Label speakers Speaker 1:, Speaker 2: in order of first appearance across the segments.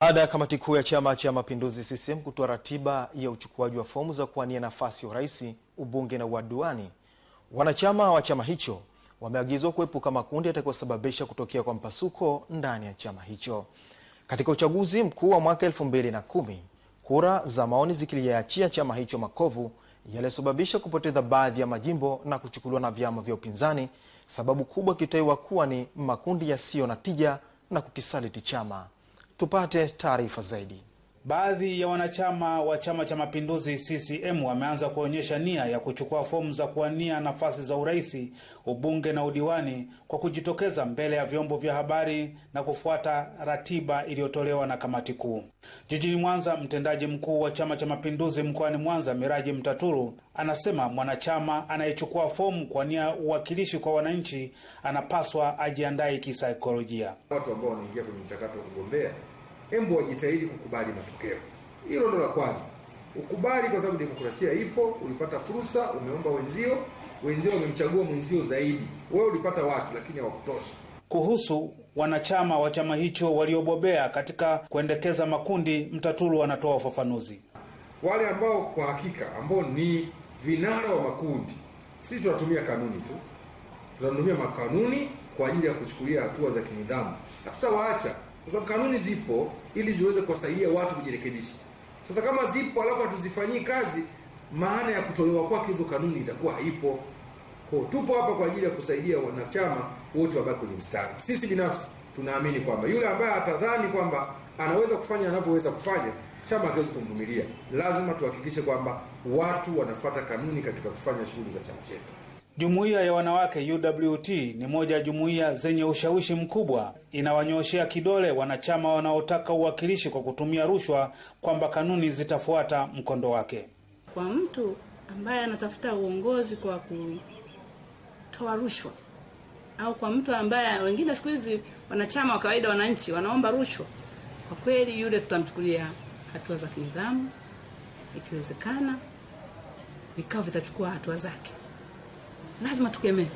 Speaker 1: Baada ya kamati kuu ya Chama cha Mapinduzi CCM kutoa ratiba ya uchukuaji wa fomu za kuwania nafasi ya urais, ubunge na uadiwani, wanachama wa chama hicho wameagizwa kuepuka makundi yatakayosababisha kutokea kwa mpasuko ndani ya chama hicho. Katika uchaguzi mkuu wa mwaka elfu mbili na kumi, kura za maoni zikiliachia chama hicho makovu yaliyosababisha kupoteza baadhi ya majimbo na kuchukuliwa na vyama vya upinzani, sababu kubwa ikitaiwa kuwa ni makundi yasiyo na tija na kukisaliti chama tupate taarifa zaidi.
Speaker 2: Baadhi ya wanachama wa Chama cha Mapinduzi CCM wameanza kuonyesha nia ya kuchukua fomu za kuwania nafasi za uraisi, ubunge na udiwani kwa kujitokeza mbele ya vyombo vya habari na kufuata ratiba iliyotolewa na kamati kuu. Jijini Mwanza, mtendaji mkuu wa Chama cha Mapinduzi mkoani Mwanza, Miraji Mtaturu, anasema mwanachama anayechukua fomu kwa nia uwakilishi kwa wananchi anapaswa ajiandae kisaikolojia.
Speaker 3: Watu ambao wanaingia kwenye mchakato wa kugombea embo wajitahidi kukubali matokeo. Hilo ndo la kwanza, ukubali, kwa sababu demokrasia ipo. Ulipata fursa, umeomba wenzio, wenzio wamemchagua mwenzio zaidi. Wewe ulipata watu, lakini hawakutosha.
Speaker 1: Kuhusu wanachama wa chama hicho waliobobea katika kuendekeza makundi, Mtaturu wanatoa ufafanuzi.
Speaker 3: Wale ambao kwa hakika ambao ni vinara wa makundi, sisi tunatumia kanuni tu, tunatumia makanuni kwa ajili ya kuchukulia hatua za kinidhamu, hatutawaacha kwa sababu kanuni zipo ili ziweze kuwasaidia watu kujirekebisha. Sasa kama zipo alafu hatuzifanyii kazi, maana ya kutolewa kwake hizo kanuni itakuwa haipo. Kwa tupo hapa kwa ajili ya kusaidia wanachama wote wabaki kwenye mstari. Sisi binafsi tunaamini kwamba yule ambaye atadhani kwamba anaweza kufanya anavyoweza kufanya, chama hakiwezi kumvumilia. Lazima tuhakikishe kwamba watu wanafata kanuni katika kufanya shughuli za chama chetu.
Speaker 1: Jumuiya ya wanawake UWT ni moja ya jumuiya zenye ushawishi mkubwa, inawanyoshea kidole wanachama wanaotaka uwakilishi kwa kutumia rushwa kwamba kanuni zitafuata mkondo wake.
Speaker 4: Kwa mtu ambaye anatafuta uongozi kwa kutoa rushwa au kwa mtu ambaye wengine siku hizi wanachama wa kawaida, wananchi wanaomba rushwa, kwa kweli yule tutamchukulia hatua za kinidhamu, ikiwezekana vikao vitachukua hatua zake lazima tukemee.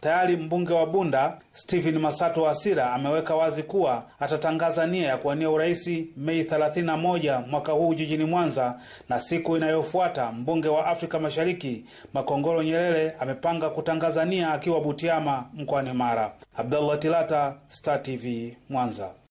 Speaker 1: Tayari mbunge wa Bunda Stephen masato asira ameweka wazi kuwa atatangaza nia ya kuwania urais Mei 31 mwaka huu jijini Mwanza, na siku inayofuata mbunge wa Afrika Mashariki Makongoro Nyerere amepanga kutangaza nia akiwa Butiama mkoani Mara. abdullah Tilata, Star TV, Mwanza.